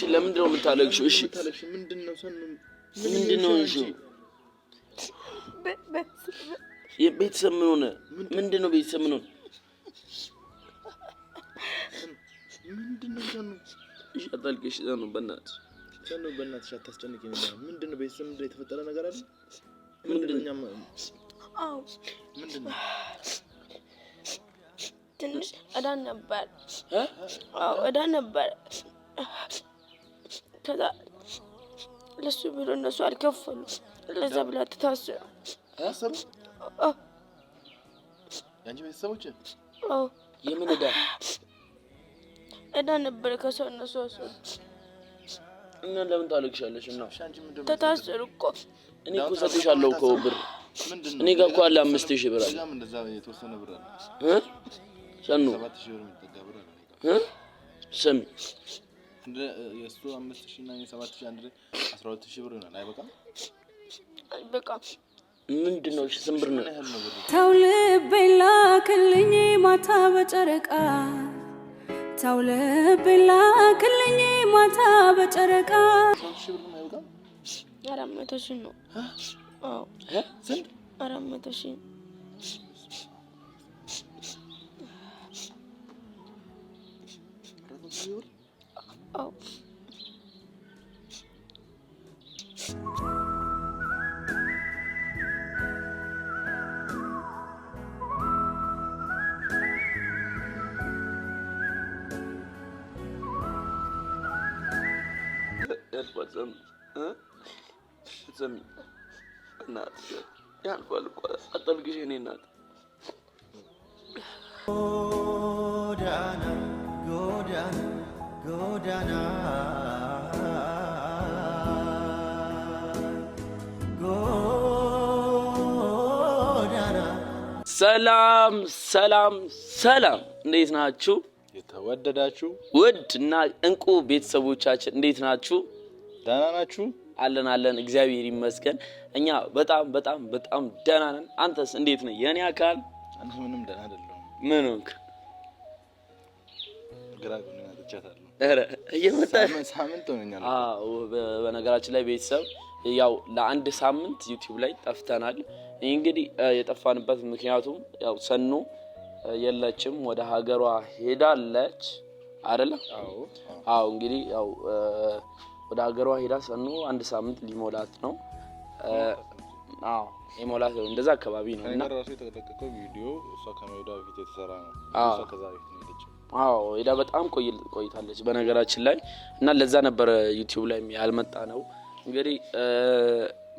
እሺ፣ ለምንድን ነው የምታለቅሺው? እሺ፣ ምንድን ነው እሺ፣ ቤተሰብ ምን ሆነ? ምንድን ነው ቤተሰብ ምን ሆነ? ምንድን ነው በእናትሽ ሰኑ፣ በእናትሽ አታስጨንቂ። ምንድን ነው ቤተሰብ? ምንድን የተፈጠረ ነገር አለ? ምንድን ነው? ትንሽ እዳ ነበር። እዳ ነበር። ከዛ ለሱ ብሎ እነሱ አልከፈሉ። ለዛ ብላ ትታሰሩ። አሰሩ ያንቺ ቤተሰቦች የምን እዳ እዳ ነበረ? ከሰው እነሱ አሰሩ። እና ለምን ታለቅሻለሽ? እና ተታሰሩ እኮ እኔ እኮ ሰጥሻለሁ እኮ ብር እኔ ጋር እኮ አለ አምስት ሺህ ብር አለ ሰኑ ስሚ የእሱ አምስት ሺ እና የሰባት ሺ አንድ አስራ ሁለት ሺ ብር ይሆናል። አይበቃም? አይበቃም። ምንድን ነው ሽ ብር ነው ተው ልቤን ላክልኝ ማታ በጨረቃ ተው ልቤን ላክልኝ ማታ በጨረቃ አራት መቶ ሺ ነው። ስንት አራት መቶ ሺ ብር أو يالبزم زمي نات يالبالك أطلق جنينات Oh ጎዳና ሰላም ሰላም ሰላም፣ እንዴት ናችሁ? የተወደዳችሁ ውድ እና እንቁ ቤተሰቦቻችን እንዴት ናችሁ? ደህና ናችሁ? አለን አለን፣ እግዚአብሔር ይመስገን። እኛ በጣም በጣም በጣም ደህና ነን። አንተስ እንዴት ነህ? የእኔ አካል ምንም ደህና አይደለሁም። ምን ሆንክ? ግራ ሳምንት ሆነኛል። በነገራችን ላይ ቤተሰብ ያው ለአንድ ሳምንት ዩቲዩብ ላይ ጠፍተናል። ይህ እንግዲህ የጠፋንበት ምክንያቱም ያው ሰኑ የለችም ወደ ሀገሯ ሄዳለች አይደለ? አዎ እንግዲህ ያው ወደ ሀገሯ ሄዳ ሰኑ አንድ ሳምንት ሊሞላት ነው። አዎ ነው፣ እንደዛ አካባቢ ነው። እና ራሱ የተለቀቀው ቪዲዮ እሷ ከመሄዷ በፊት የተሰራ ነው። አዎ ሄዳ በጣም ቆይታለች በነገራችን ላይ እና ለዛ ነበረ ዩቲዩብ ላይ ያልመጣ ነው። እንግዲህ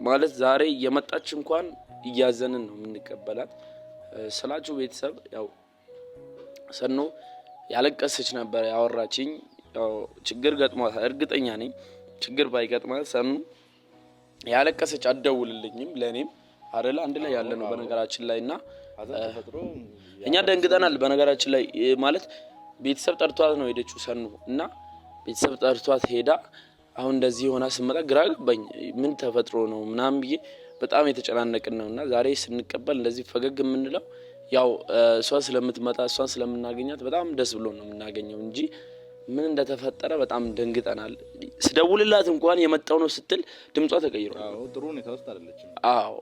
ማለት ዛሬ የመጣች እንኳን እያዘንን ነው የምንቀበላት ስላችሁ ቤተሰብ ያው ሰኖ ያለቀሰች ነበር ያወራችኝ። ችግር ገጥሟት እርግጠኛ ነኝ። ችግር ባይገጥማት ሰኑ ያለቀሰች አደውልልኝም ለእኔም አደላ አንድ ላይ ያለ ነው በነገራችን ላይ እና እኛ ደንግጠናል በነገራችን ላይ ማለት ቤተሰብ ጠርቷት ነው ሄደችው ሰኑ እና ቤተሰብ ጠርቷት ሄዳ አሁን እንደዚህ የሆና ስመጣ ግራ ገባኝ። ምን ተፈጥሮ ነው ምናምን ብዬ በጣም የተጨናነቅን ነው። እና ዛሬ ስንቀበል እንደዚህ ፈገግ የምንለው ያው እሷን ስለምትመጣ እሷን ስለምናገኛት በጣም ደስ ብሎ ነው የምናገኘው እንጂ ምን እንደተፈጠረ በጣም ደንግጠናል። ስደውልላት እንኳን የመጣው ነው ስትል ድምጿ ተቀይሮ ጥሩ ሁኔታ ውስጥ አይደለችም። አዎ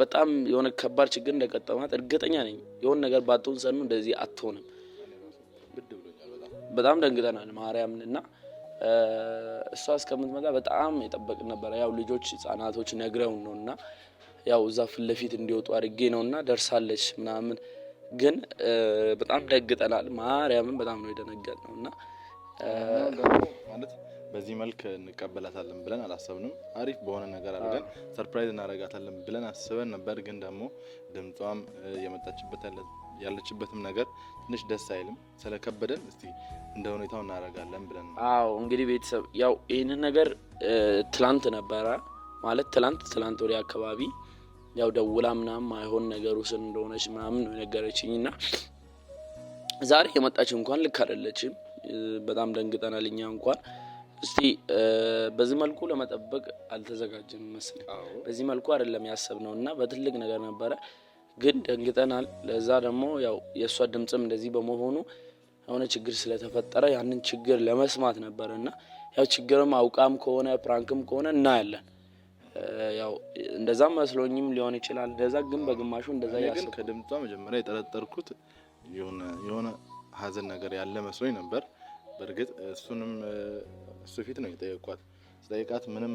በጣም የሆነ ከባድ ችግር እንደገጠማት እርግጠኛ ነኝ። የሆነ ነገር ባትሆን ሰኑ እንደዚህ አትሆንም። በጣም ደንግጠናል ማርያምን እና እሷ እስከምትመጣ በጣም የጠበቅን ነበረ። ያው ልጆች ህጻናቶች ነግረውን ነው እና ያው እዛ ፊት ለፊት እንዲወጡ አድርጌ ነው እና ደርሳለች ምናምን፣ ግን በጣም ደግጠናል ማርያምን በጣም ነው የደነገጥ ነው እና ማለት በዚህ መልክ እንቀበላታለን ብለን አላሰብንም። አሪፍ በሆነ ነገር አድርገን ሰርፕራይዝ እናረጋታለን ብለን አስበን ነበር። ግን ደግሞ ድምጿም የመጣችበት ያለ ያለችበትም ነገር ትንሽ ደስ አይልም። ስለከበደን እስቲ እንደ ሁኔታው እናደርጋለን ብለን አዎ እንግዲህ ቤተሰብ ያው ይህንን ነገር ትላንት ነበረ ማለት ትላንት ትላንት ወዲያ አካባቢ ያው ደውላ ምናምን አይሆን ነገሩ ስን እንደሆነች ምናምን ነው የነገረችኝ እና ዛሬ የመጣች እንኳን ልክ አደለችም በጣም ደንግጠናል እኛ እንኳን እስቲ በዚህ መልኩ ለመጠበቅ አልተዘጋጀም መስል በዚህ መልኩ አይደለም ነው እና በትልቅ ነገር ነበረ ግን ደንግጠናል። ለዛ ደግሞ ያው የእሷ ድምፅም እንደዚህ በመሆኑ የሆነ ችግር ስለተፈጠረ ያንን ችግር ለመስማት ነበረ እና ያው ችግርም አውቃም ከሆነ ፕራንክም ከሆነ እናያለን። ያው እንደዛም መስሎኝም ሊሆን ይችላል። እንደዛ ግን በግማሹ እንደዛ ያስ ከድምጧ መጀመሪያ የጠረጠርኩት የሆነ ሀዘን ነገር ያለ መስሎኝ ነበር። በእርግጥ እሱንም እሱ ፊት ነው የጠየኳት። ስጠይቃት ምንም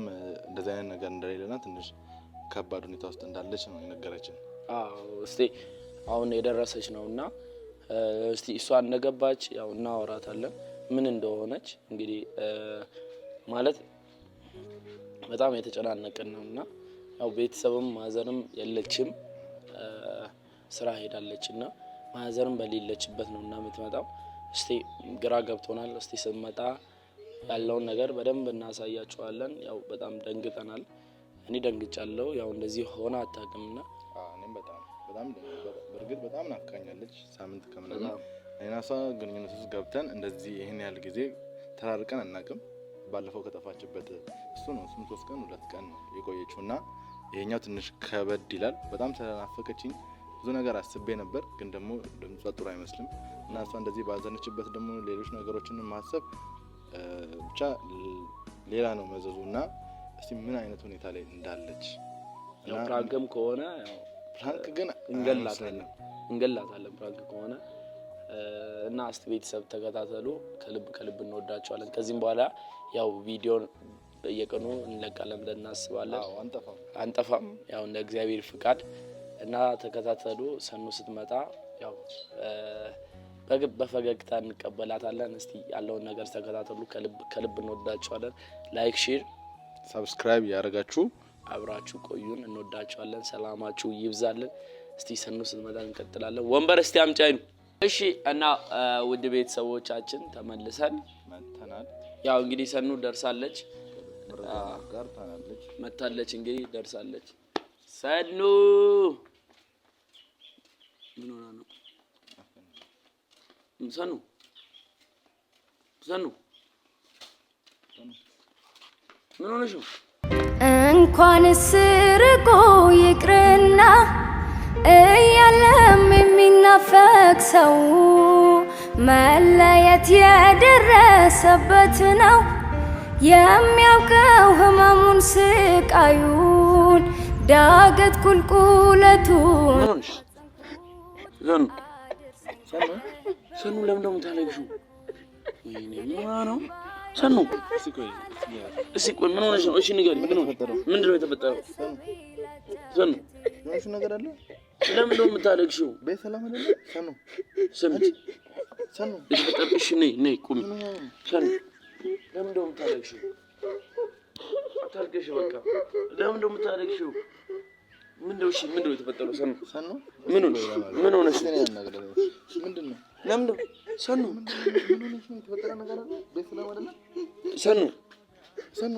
እንደዚህ አይነት ነገር እንደሌለና ትንሽ ከባድ ሁኔታ ውስጥ እንዳለች ነው የነገረችን። እስቲ አሁን የደረሰች ነው እና እስቲ እሷ እንደገባች ያው እናወራታለን ምን እንደሆነች እንግዲህ ማለት በጣም የተጨናነቅን ነው እና ያው ቤተሰብም ማዘርም የለችም ስራ ሄዳለች እና ማዘርም በሌለችበት ነው እና የምትመጣው። እስቲ ግራ ገብቶናል። እስቲ ስመጣ ያለውን ነገር በደንብ እናሳያችኋለን። ያው በጣም ደንግጠናል። እኔ ደንግጫለው ያው እንደዚህ ሆነ አታውቅምና በጣም በእርግጥ በጣም ናፍቃኛለች። ሳምንት ከምናምን እኔና እሷ ግንኙነት ውስጥ ገብተን እንደዚህ ይህን ያህል ጊዜ ተራርቀን አናውቅም። ባለፈው ከጠፋችበት እሱ ነው እሱም ሶስት ቀን ሁለት ቀን ነው የቆየችው እና ይሄኛው ትንሽ ከበድ ይላል። በጣም ስለናፈቀችኝ ብዙ ነገር አስቤ ነበር፣ ግን ደግሞ ድምጿ ጥሩ አይመስልም እና እሷ እንደዚህ ባዘነችበት ደግሞ ሌሎች ነገሮችን ማሰብ ብቻ ሌላ ነው መዘዙ እና እስቲ ምን አይነት ሁኔታ ላይ እንዳለች ፕራንክም ከሆነ ፕራንክ ግን እንገላታለን እንገላታለን ፕራንክ ከሆነ እና እስቲ ቤተሰብ ተከታተሉ። ከልብ ከልብ እንወዳቸዋለን። ከዚህም በኋላ ያው ቪዲዮን በየቀኑ እንለቃለን ብለን እናስባለን። አንጠፋም። ያው እንደ እግዚአብሔር ፍቃድ እና ተከታተሉ። ሰኑ ስትመጣ ያው በፈገግታ እንቀበላታለን። እስቲ ያለውን ነገር ተከታተሉ። ከልብ ከልብ እንወዳቸዋለን። ላይክ፣ ሼር፣ ሰብስክራይብ ያደርጋችሁ አብራችሁ ቆዩን። እንወዳችኋለን። ሰላማችሁ ይብዛልን። እስቲ ሰኑ ስትመጣ እንቀጥላለን። ወንበር እስቲ አምጫ አይሉ። እሺ። እና ውድ ቤተሰቦቻችን ተመልሰን መተናል። ያው እንግዲህ ሰኑ ደርሳለች፣ መታለች፣ እንግዲህ ደርሳለች። ሰኑ ምን ሆና ነው? ሰኑ ሰኑ ምን ሆነሽ ነው? እንኳን ርቆ ይቅርና እያለም የሚናፈቅ ሰው መለየት የደረሰበት ነው የሚያውቀው ህመሙን፣ ስቃዩን፣ ዳገት ቁልቁለቱን። ሰኑ ለምን ነው ሰኑ እስኪ ቆይ፣ ምን ሆነሽ ነው? እሺ ንገሪኝ፣ ምንድን ነው የተፈጠረው? ሰኑ ነገር አለ። ለምን ነው የምታለቅሽው? በሰላም አይደለ? ሰኑ ሰኑ፣ እሺ ነይ ነይ፣ ቁሚ። ሰኑ ለምን ነው የምታለቅሽው? አታልቅሽ፣ በቃ ለምን ነው የምታለቅሽው? ምንድን ነው? እሺ ምንድን ነው የተፈጠረው? ሰኑ ሰኑ፣ ምን ሆነሽ ነው? ለምን ሰኑ ሰኑ ሰኑ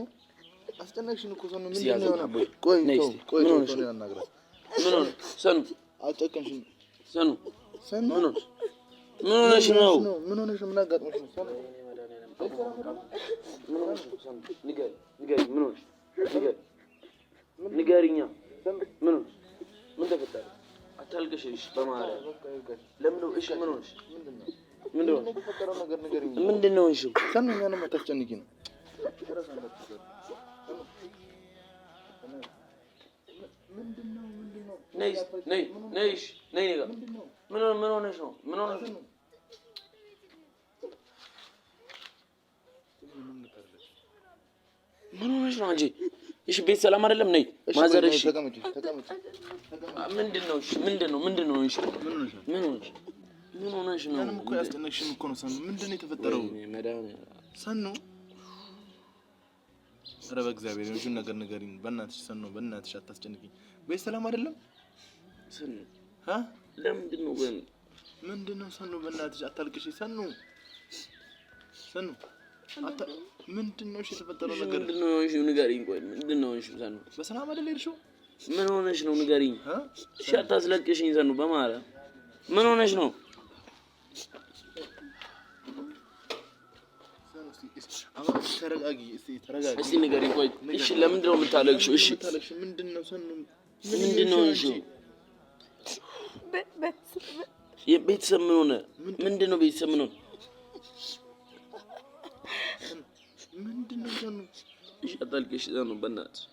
አስጨነቅሽን እኮ ሰኑ። ምንድን ነው የሆነ? ቆይ ቆይ ሰኑ አልጨቀምሽም። ሰኑ ሰኑ ምን ሆነሽ ነው? ምን ሆነሽ ነው? ምን አጋጥሞሽ ነው? ንገሪኛ። ምን ምን ተፈጠረ? تلقى شيء طماري لم لو ايش منوش من دون من دون من دون شو كم انا ما تفتني كنا نيش نيش نيش نيش من دون من دون ايش من دون من دون ايش راجي እሺ ቤት ሰላም አይደለም። ነይ ማዘር። እሺ ምንድን ነው? ምንድን ነው? ነው? ምን ምን ነው? ነው። ነው የተፈጠረው? ሰኑ ኧረ በእግዚአብሔር ልጁን ነገር ንገሪኝ በእናትሽ። ሰኖ በእናትሽ አታስጨንቅኝ። ቤት ሰላም አይደለም። ሰኑ አ ነው? ምንድን ነው? ሰኑ በእናትሽ አታልቅሽ። ሰኑ ሰኑ ምንድን ምን ሆነሽ ነው ንገሪኝ። እሺ አታስለቅሽኝ። ሰኑ በማርያም ምን ሆነሽ ነው? ንገሪኝ። ቆይ እሺ፣ ለምንድን ነው የምታለቅሽው? እሺ ምንድን ነው ቤተሰብ ምን ሆነ? ምንድን ነው ቤተሰብ ምን ሆነ? ምንድን ነው እያጣልቅሽ? ዘኑ በእናትሽ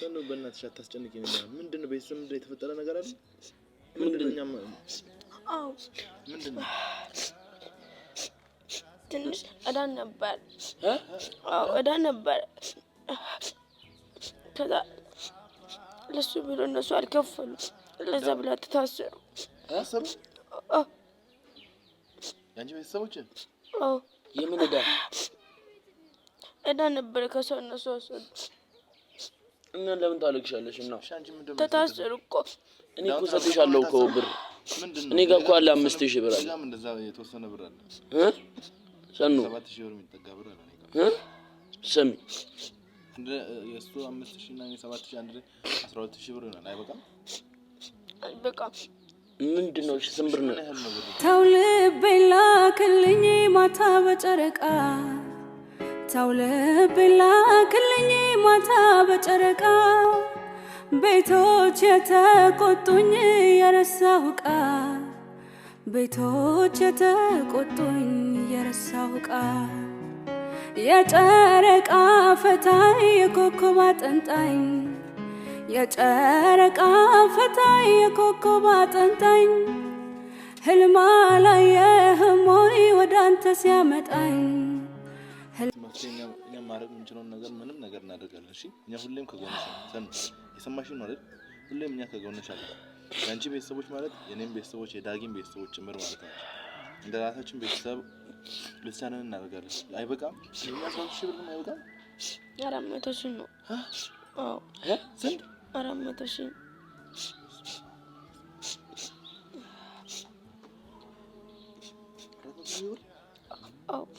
ዘኑ በእናትሽ አታስጨንቂ። ምንድን ነው ቤተሰብ ምንድን የተፈጠረ ነገር አለ? ምንድን ነው ትንሽ እዳ ነበር። አዎ እዳ ነበር። ከዛ ለሱ ብሎ እነሱ አልከፈሉ። ለዛ ብላ ተታሰሩ። የምን እዳ እዳ ነበር ከሰው እነሱ አስወድ እና ለምን ታለቅሻለሽ? እና ተታሰሩ እኮ እኔ እኮ ሰጥሻለሁ እኮ ብር እኔ ጋር እኮ አለ አምስት ሺህ ብር አለ ሰኑ ስሚ አምስት ሺህ እና ሺህ አንድ ላይ ሺህ ብር ምንድን ነው ስንት ብር ነው? ተው ልቤን ላክልኝ ማታ በጨረቃ ታውለብላ ክልኝ ማታ በጨረቃ ቤቶች የተቆጡኝ የረሳው ቃ ቤቶች የተቆጡኝ የረሳው ቃ የጨረቃ ፈታይ የኮከብ አጠንጣኝ የጨረቃ ፈታይ የኮከብ አጠንጣኝ ህልማ ላይ የህሞይ ወደ አንተ ሲያመጣኝ እኛ ማድረግ የምንችለውን ነገር ምንም ነገር እናደርጋለን። እሺ እኛ ሁሌም ከጎንሽ ሰን የሰማሽ ነው አይደል? ሁሌም እኛ ከጎንሽ አለ። የአንቺ ቤተሰቦች ማለት የእኔም ቤተሰቦች የዳጊም ቤተሰቦች ጭምር ማለት ናቸው። እንደ ራሳችን ቤተሰብ ልሳንን እናደርጋለን። አይበቃም። የኛ ሰባት ሺህ ብርም አይበቃም። አራት መቶ ሺህ ነው ስንት? አራት መቶ ሺህ አራት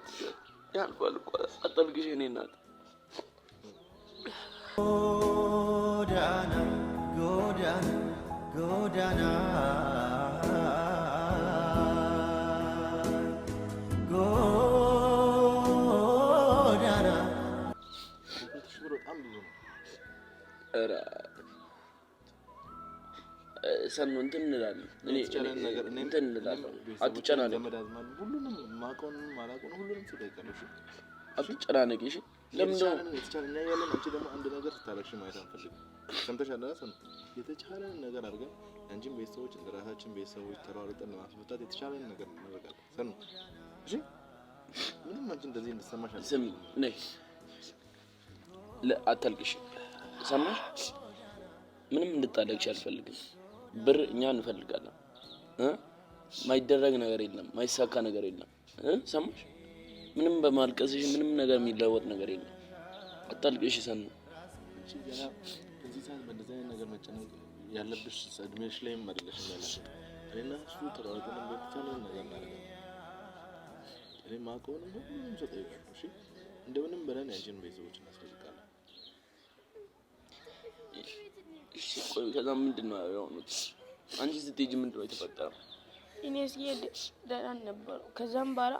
እናት ያልፋል እኮ አጠብቂሽ የእኔ እናት። ጎዳና ጎዳና ጎዳና ጎዳና ሰኑ እንትን እንላለን እንትን እንላለን። አትጨናነቂ፣ እሺ ለምንድን ነው ነገር አድርገን ቤተሰቦች እንደ ራሳችን ቤተሰቦች ተሯሩጠን ነገር እናደርጋለን። ሰኑ እሺ፣ ምንም አንቺ እንደዚህ እንድትሰማሽ ስሚ፣ አታልቅሽ፣ ሰማሽ? ምንም እንድታለቅሽ አልፈልግም። ብር እኛ እንፈልጋለን። ማይደረግ ነገር የለም፣ ማይሳካ ነገር የለም። ሰማሽ? ምንም በማልቀስሽ ምንም ነገር የሚለወጥ ነገር የለም። አታልቅሽ ሰኑ። ያለብሽ እድሜሽ ላይ መድረሽ ያለሽ እና እሱ ተራራቁን በተቻለ ነገር ማለት ነው። እኔ ማውቀውን ሁሉም ሰጠች። እሺ እንደምንም ብለን ያንቺን ቤተሰቦች እናስገ እሺ ቆይ፣ ከዛ ምንድን የሆኑት? አንቺ ስትሄጂ ምንድነው የተፈጠረው? እኔ ስሄድ ደህና ነበረው። ከዛም በኋላ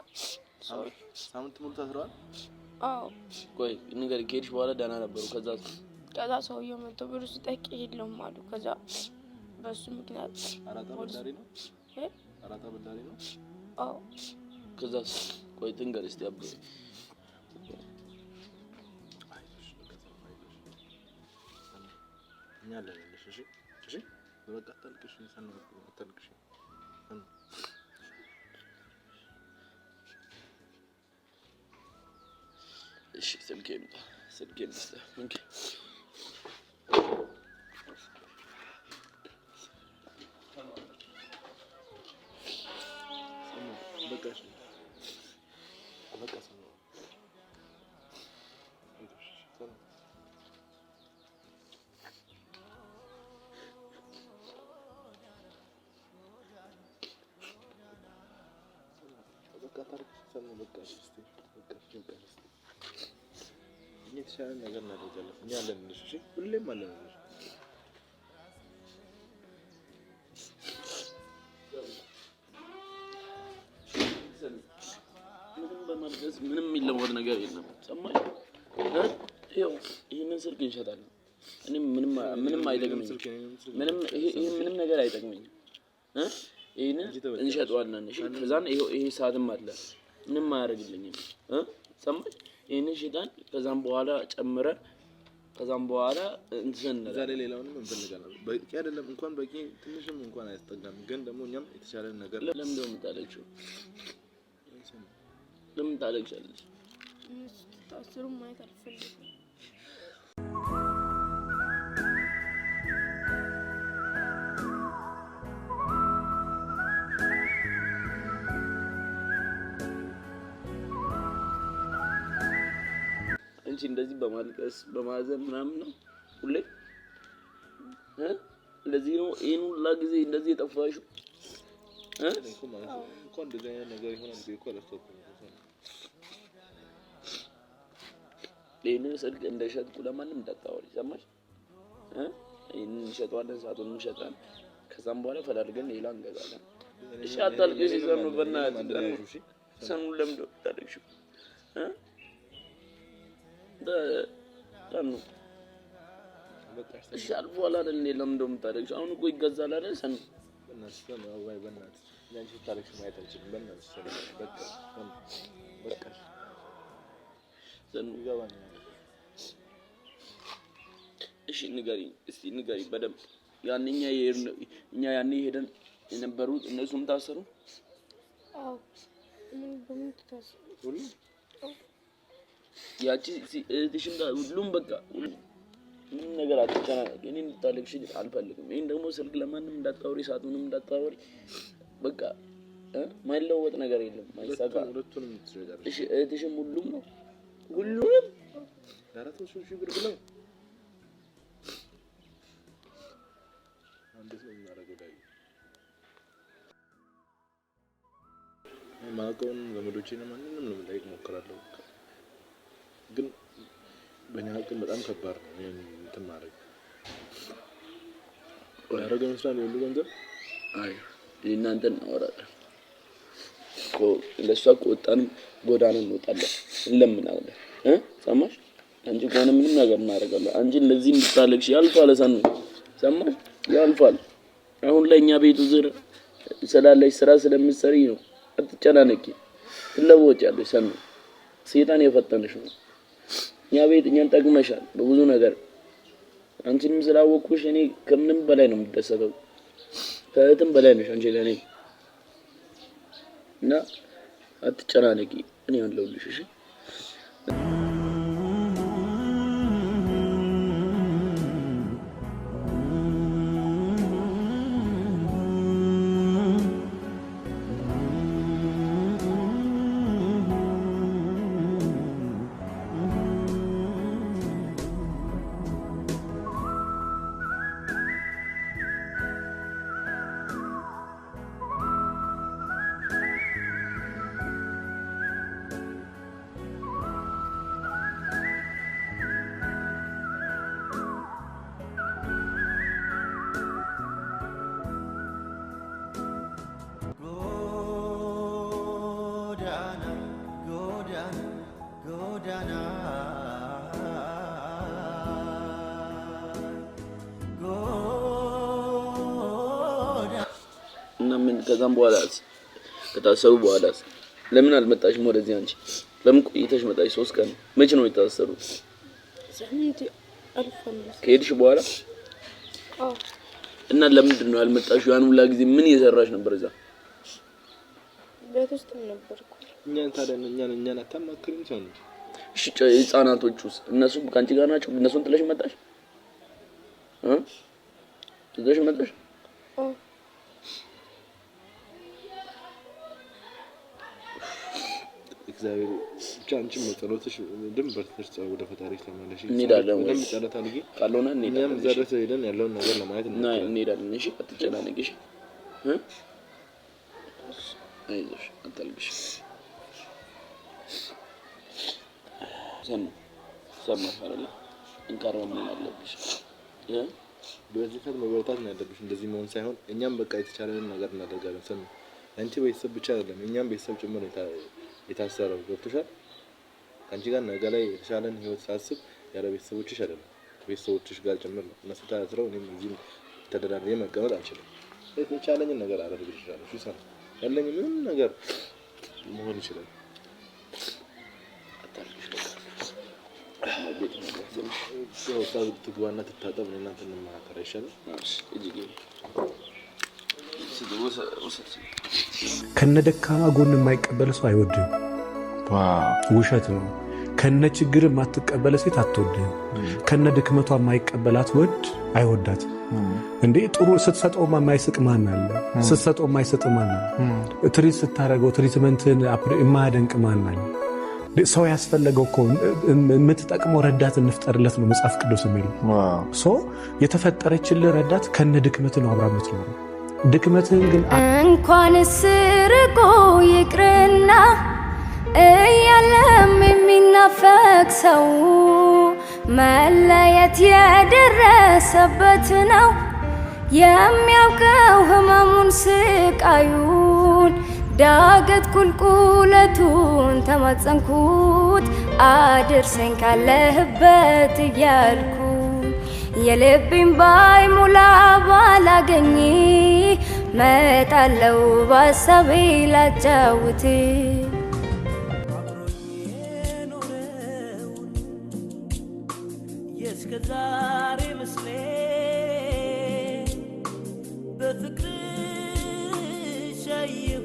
ሳምንት ሙሉ ታስረዋል። አዎ ቆይ ንገሪኝ፣ ከሄድሽ በኋላ ደህና ነበሩ። ከዛ ከዛ ሰውዬው መጥቶ ብሩ ስጠይቅ የለውም አሉ። ከዛ በሱ ምክንያት አራጣ በዳሪ ነው አራጣ በዳሪ ነው። አዎ ከዛ ቆይ ትንገር እስቲ አብሮ ትተኛለሽ። እሺ፣ እሺ። በቃ አታልቅሽ፣ አታልቅሽ። እሺ፣ ስልኬ ይምጣ፣ ስልኬ የተሻለ ነገር እናደርጋለን። እኛ አለን እነሱ፣ እሺ፣ ሁሌም አለን እነሱ። ምንም በማድረስ ምንም የሚለወጥ ነገር የለም። ሰማኝ፣ ይኸው ይህንን ስልክ እንሸጣለን። እኔም ምንም ምንም አይጠቅመኝም፣ ምንም ነገር አይጠቅመኝም። ይህንን እንሸጠዋለን። ከዛን ይሄ ሰዓትም አለ ምንም አያደርግልኝም። ሰማሽ? ይህንን ሽጣን ከዛም በኋላ ጨምረ ከዛም በኋላ እንትሰነዛ ዛሬ ሌላውንም እንፈልጋለን። በቂ አይደለም እንኳን በቂ ትንሽም እንኳን አያስጠጋም። ግን ደግሞ እኛም የተሻለ ነገር ለምን ደው ምጣለችው? ለምን ታለቅሻለች? ታስሩ ማየት አልፈልግም እንጂ እንደዚህ በማልቀስ በማዘን ምናምን ነው ሁሌ እንደዚህ ነው። ይሄን ሁላ ጊዜ እንደዚህ የጠፋሽው ይህንን ስልክ እንደሸጥኩ ለማንም እንዳታወሪ ሰማሽ? ይህንን እንሸጠዋለን፣ ሳጡን እንሸጣለን። ከዛም በኋላ ፈላልገን ሌላ እንገዛለን። እሺ አታልቅሽ። ሰኑ በእናትሽ ሰኑ ለምደ ታለቅሽ እሺ አልፎ አላለም። ለምን እንደምታለቅሽ አሁን እኮ ይገዛል አይደል? ሰኑ እሺ ንገሪኝ እስቲ ንገሪኝ በደንብ ያንኛ እኛ ያኔ ሄደን የነበሩት እነሱም ታሰሩ። አዎ ምን በምን ታሰሩ? ያቺ እህትሽም ጋር ሁሉም በቃ ምንም ነገር አትጨናነቅ። እኔ እንድታለቅሽ አልፈልግም። ይህን ደግሞ ስልክ ለማንም እንዳታወሪ፣ ሰዓቱንም እንዳታወሪ። በቃ ማይለወጥ ነገር የለም ማይሳካ። እሺ እህትሽም ሁሉም ነው ሁሉም አራት መቶ ሺህ ብር ብለው እንዴት ነው የምናደርገው? ዳይ የማውቀውን ዘመዶቼን ማንንም ነው የምጠይቅ ግን በእኛ ግን በጣም ከባድ ነው። ይህን እንትን ማድረግ ያደረገ ይመስላል የሁሉ ገንዘብ። አይ እናንተን እናወራለን ለእሷ ከወጣንም ጎዳና እንወጣለን፣ እንለምናለን። ሰማሽ? አንቺ ከሆነ ምንም ነገር እናደርጋለን። አንቺ እንደዚህ እንድታለቅሽ ያልፋል። ሰኑ ሰማሽ? ያልፋል። አሁን ላይ እኛ ቤቱ ዝር ስላለሽ ስራ ስለምትሰሪ ነው። አትጨናነቂ፣ ትለወጫለሽ። ሰኑ ሴጣን የፈጠነሽ ነው። እኛ ቤት እኛን ጠቅመሻል በብዙ ነገር። አንቺንም ስላወቅኩሽ እኔ ከምንም በላይ ነው የምደሰተው። ከእህትም በላይ ነሽ አንቺ ለእኔ እና አትጨናነቂ፣ እኔ አለሁልሽ። እሺ ከዛም በኋላ ከታሰሩ በኋላ ለምን አልመጣሽም ወደዚህ? አንቺ ለምን ቆይተሽ መጣሽ? ሶስት ቀን መቼ ነው የታሰሩት? ከሄድሽ በኋላ እና ለምንድን ነው ያልመጣሽ? ያን ሁላ ጊዜ ምን እየሰራሽ ነበር? እዛ ቤት ውስጥ ነበርኩ። እኛን ታዲያ እኛን እኛን አታማክሪም ሰው ነው። እሺ ህጻናቶች ውስጥ እነሱ ከአንቺ ጋር ናቸው። እነሱን ጥለሽ መጣሽ እ ጥለሽ መጣሽ እግዚአብሔር ብቻ አንቺም በጸሎትሽ በርትተሽ ወደ ፈጣሪ ተመለሽ። እንሄዳለን ወይ ጸሎት አድርጊ። ካልሆነ እኛም እዛ ድረስ ሄደን ያለውን ነገር ለማየት እንሄዳለን። እሺ፣ አትጨናነቂ። እሺ፣ አይዞሽ፣ አታልቅሽ። በዚህ መበረታት ነው ያለብሽ፣ እንደዚህ መሆን ሳይሆን እኛም በቃ የተቻለንን ነገር እናደርጋለን። ሰኑ አንቺ ቤተሰብ ብቻ አይደለም እኛም ቤተሰብ ጭምር የታሰረው ገብቶሻል። ከአንቺ ጋር ነገ ላይ የተሻለን ህይወት ሳስብ ያለ ቤተሰቦችሽ አይደለም ቤተሰቦችሽ ጋር ጭምር ነው። እነሱ ታስረው እኔም እዚህም ተደራድሬ መቀመጥ አልችልም። የቻለኝን ነገር አደርግ ይችላል። ያለኝ ምንም ነገር መሆን ይችላል። ትግባና ትታጠብ፣ እናንተ እንመካከር አይሻልም? ከነ ደካማ ጎን የማይቀበል ሰው አይወድም። ውሸት ነው። ከነ ችግር የማትቀበለ ሴት አትወድም። ከነ ድክመቷ የማይቀበላት ወድ አይወዳት እንዴ ጥሩ ስትሰጠው የማይስቅ ማን አለ? ስትሰጠው የማይሰጥ ማን አለ? ትሪት ስታደረገው ትሪትመንትን የማያደንቅ ማን አለ? ሰው ያስፈለገው እኮ የምትጠቅመው ረዳት እንፍጠርለት ነው መጽሐፍ ቅዱስ የሚለው የተፈጠረችልን ረዳት ከነ ድክመት ነው አብራ የምትኖረው ድክመትህን ግን እንኳን ስርቆ ይቅርና እያለም የሚናፈቅ ሰው መለየት የደረሰበት ነው የሚያውቀው ህመሙን ስቃዩን ዳገት ቁልቁለቱን ተማጸንኩት አድርሰኝ ካለህበት እያልኩ ባይ ሙላ ባላገኝ መጣለው ባሳቤ ላጫውት እስከዛሬ ምስሌ በፍቅር ሸይሁ